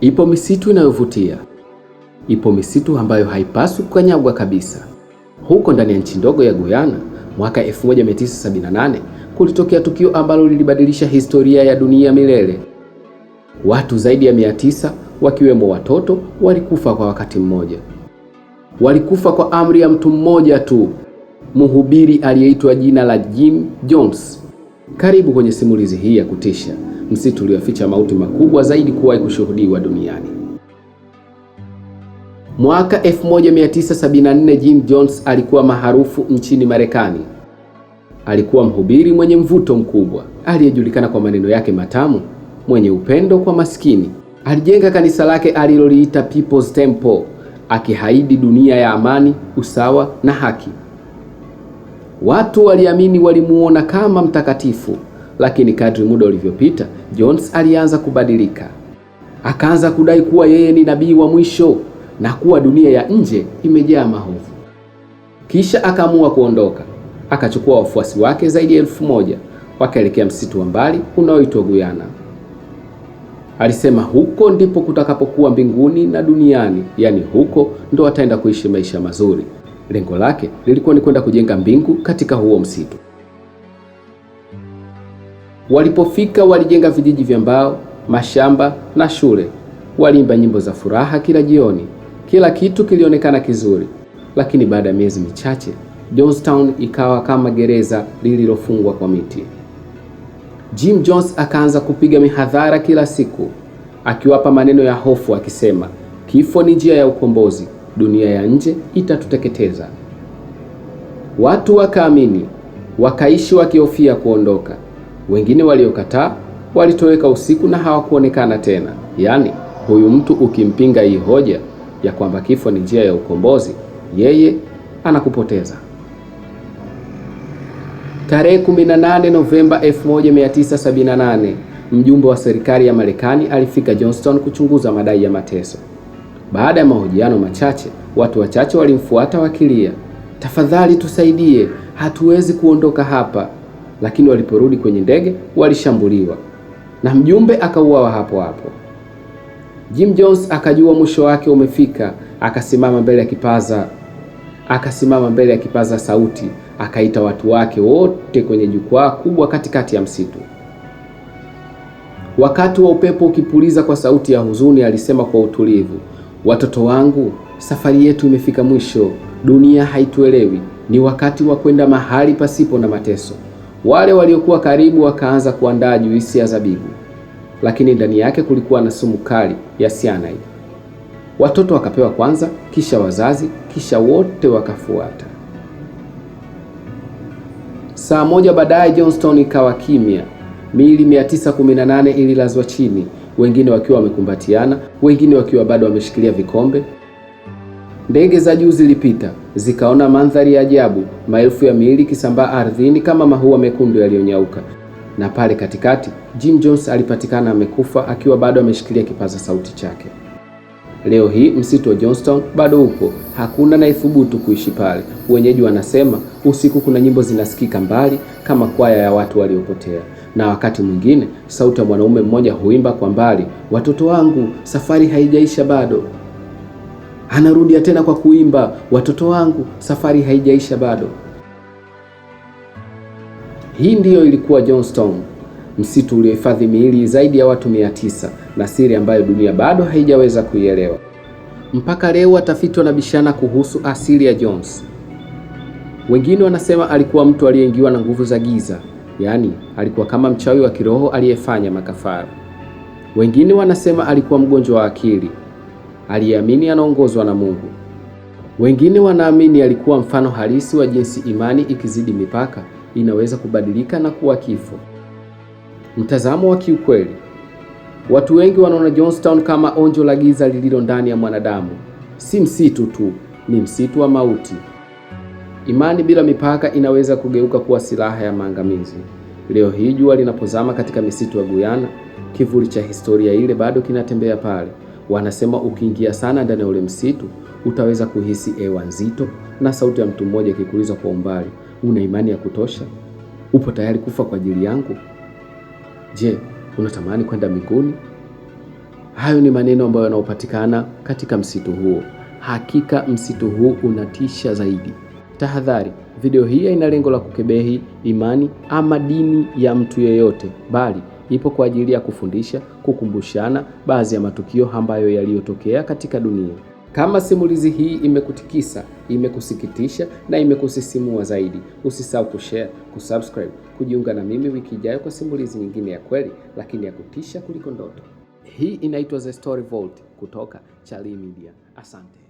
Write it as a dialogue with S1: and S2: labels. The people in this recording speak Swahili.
S1: Ipo misitu inayovutia, ipo misitu ambayo haipaswi kukanyagwa kabisa. Huko ndani ya nchi ndogo ya Guyana mwaka 1978 kulitokea tukio ambalo lilibadilisha historia ya dunia milele. Watu zaidi ya tisa wakiwemo watoto walikufa kwa wakati mmoja. Walikufa kwa amri ya mtu mmoja tu, mhubiri aliyeitwa jina la Jim Jones. Karibu kwenye simulizi hii ya kutisha msitu ulioficha mauti makubwa zaidi kuwahi kushuhudiwa duniani. Mwaka 1974 Jim Jones alikuwa maarufu nchini Marekani. Alikuwa mhubiri mwenye mvuto mkubwa aliyejulikana kwa maneno yake matamu, mwenye upendo kwa maskini. Alijenga kanisa lake aliloliita People's Temple, akihaidi dunia ya amani, usawa na haki. Watu waliamini, walimuona kama mtakatifu lakini kadri muda ulivyopita, Jones alianza kubadilika. Akaanza kudai kuwa yeye ni nabii wa mwisho na kuwa dunia ya nje imejaa mahovu. Kisha akaamua kuondoka, akachukua wafuasi wake zaidi ya elfu moja wakaelekea msitu wa mbali unaoitwa Guyana. Alisema huko ndipo kutakapokuwa mbinguni na duniani, yaani huko ndo ataenda kuishi maisha mazuri. Lengo lake lilikuwa ni kwenda kujenga mbingu katika huo msitu. Walipofika walijenga vijiji vya mbao, mashamba na shule. Waliimba nyimbo za furaha kila jioni. Kila kitu kilionekana kizuri, lakini baada ya miezi michache Johnstown ikawa kama gereza lililofungwa kwa miti. Jim Jones akaanza kupiga mihadhara kila siku, akiwapa maneno ya hofu akisema, kifo ni njia ya ukombozi, dunia ya nje itatuteketeza. Watu wakaamini, wakaishi wakihofia kuondoka. Wengine waliokataa walitoweka usiku na hawakuonekana tena. Yaani, huyu mtu ukimpinga hii hoja ya kwamba kifo ni njia ya ukombozi, yeye anakupoteza. Tarehe 18 Novemba 1978 mjumbe wa serikali ya Marekani alifika Johnston kuchunguza madai ya mateso. Baada ya mahojiano machache, watu wachache walimfuata wakilia, tafadhali tusaidie, hatuwezi kuondoka hapa, lakini waliporudi kwenye ndege walishambuliwa na mjumbe akauawa hapo hapo. Jim Jones akajua mwisho wake umefika, akasimama mbele ya kipaza akasimama mbele ya kipaza sauti, akaita watu wake wote kwenye jukwaa kubwa katikati ya msitu. Wakati wa upepo ukipuliza kwa sauti ya huzuni, alisema kwa utulivu, watoto wangu, safari yetu imefika mwisho. Dunia haituelewi, ni wakati wa kwenda mahali pasipo na mateso. Wale waliokuwa karibu wakaanza kuandaa juisi ya zabibu, lakini ndani yake kulikuwa na sumu kali ya sianaidi. Watoto wakapewa kwanza, kisha wazazi, kisha wote wakafuata. Saa moja baadaye johnston ikawa kimya. Miili 918 ililazwa chini, wengine wakiwa wamekumbatiana, wengine wakiwa bado wameshikilia vikombe, Ndege za juu zilipita zikaona mandhari ya ajabu, maelfu ya miili kisambaa ardhini kama mahua mekundu yaliyonyauka. Na pale katikati Jim Jones alipatikana amekufa akiwa bado ameshikilia kipaza sauti chake. Leo hii msitu wa johnston bado upo, hakuna anayethubutu kuishi pale. Wenyeji wanasema usiku kuna nyimbo zinasikika mbali kama kwaya ya watu waliopotea, na wakati mwingine sauti ya mwanaume mmoja huimba kwa mbali, watoto wangu, safari haijaisha bado anarudia tena kwa kuimba, watoto wangu, safari haijaisha bado. Hii ndiyo ilikuwa Johnstone, msitu uliohifadhi miili zaidi ya watu mia tisa na siri ambayo dunia bado haijaweza kuielewa. Mpaka leo watafiti wanabishana kuhusu asili ya Jones. Wengine wanasema alikuwa mtu aliyeingiwa na nguvu za giza, yaani alikuwa kama mchawi wa kiroho aliyefanya makafara. Wengine wanasema alikuwa mgonjwa wa akili aliyeamini anaongozwa na Mungu. Wengine wanaamini alikuwa mfano halisi wa jinsi imani ikizidi mipaka inaweza kubadilika na kuwa kifo. Mtazamo wa kiukweli. Watu wengi wanaona Johnstown kama onjo la giza lililo ndani ya mwanadamu. Si msitu tu, ni msitu wa mauti. Imani bila mipaka inaweza kugeuka kuwa silaha ya maangamizi. Leo hii jua linapozama katika misitu ya Guyana, kivuli cha historia ile bado kinatembea pale. Wanasema ukiingia sana ndani ya ule msitu utaweza kuhisi hewa nzito na sauti ya mtu mmoja ikikuuliza kwa umbali, una imani ya kutosha? Upo tayari kufa kwa ajili yangu? Je, unatamani kwenda mbinguni? Hayo ni maneno ambayo yanayopatikana katika msitu huo. Hakika msitu huu unatisha zaidi. Tahadhari, video hii haina lengo la kukebehi imani ama dini ya mtu yeyote, bali ipo kwa ajili ya kufundisha, kukumbushana baadhi ya matukio ambayo yaliyotokea katika dunia. Kama simulizi hii imekutikisa, imekusikitisha na imekusisimua zaidi, usisahau kushare, kusubscribe, kujiunga na mimi wiki ijayo kwa simulizi nyingine ya kweli lakini ya kutisha kuliko ndoto. Hii inaitwa The Story Vault kutoka Charlie Media. Asante.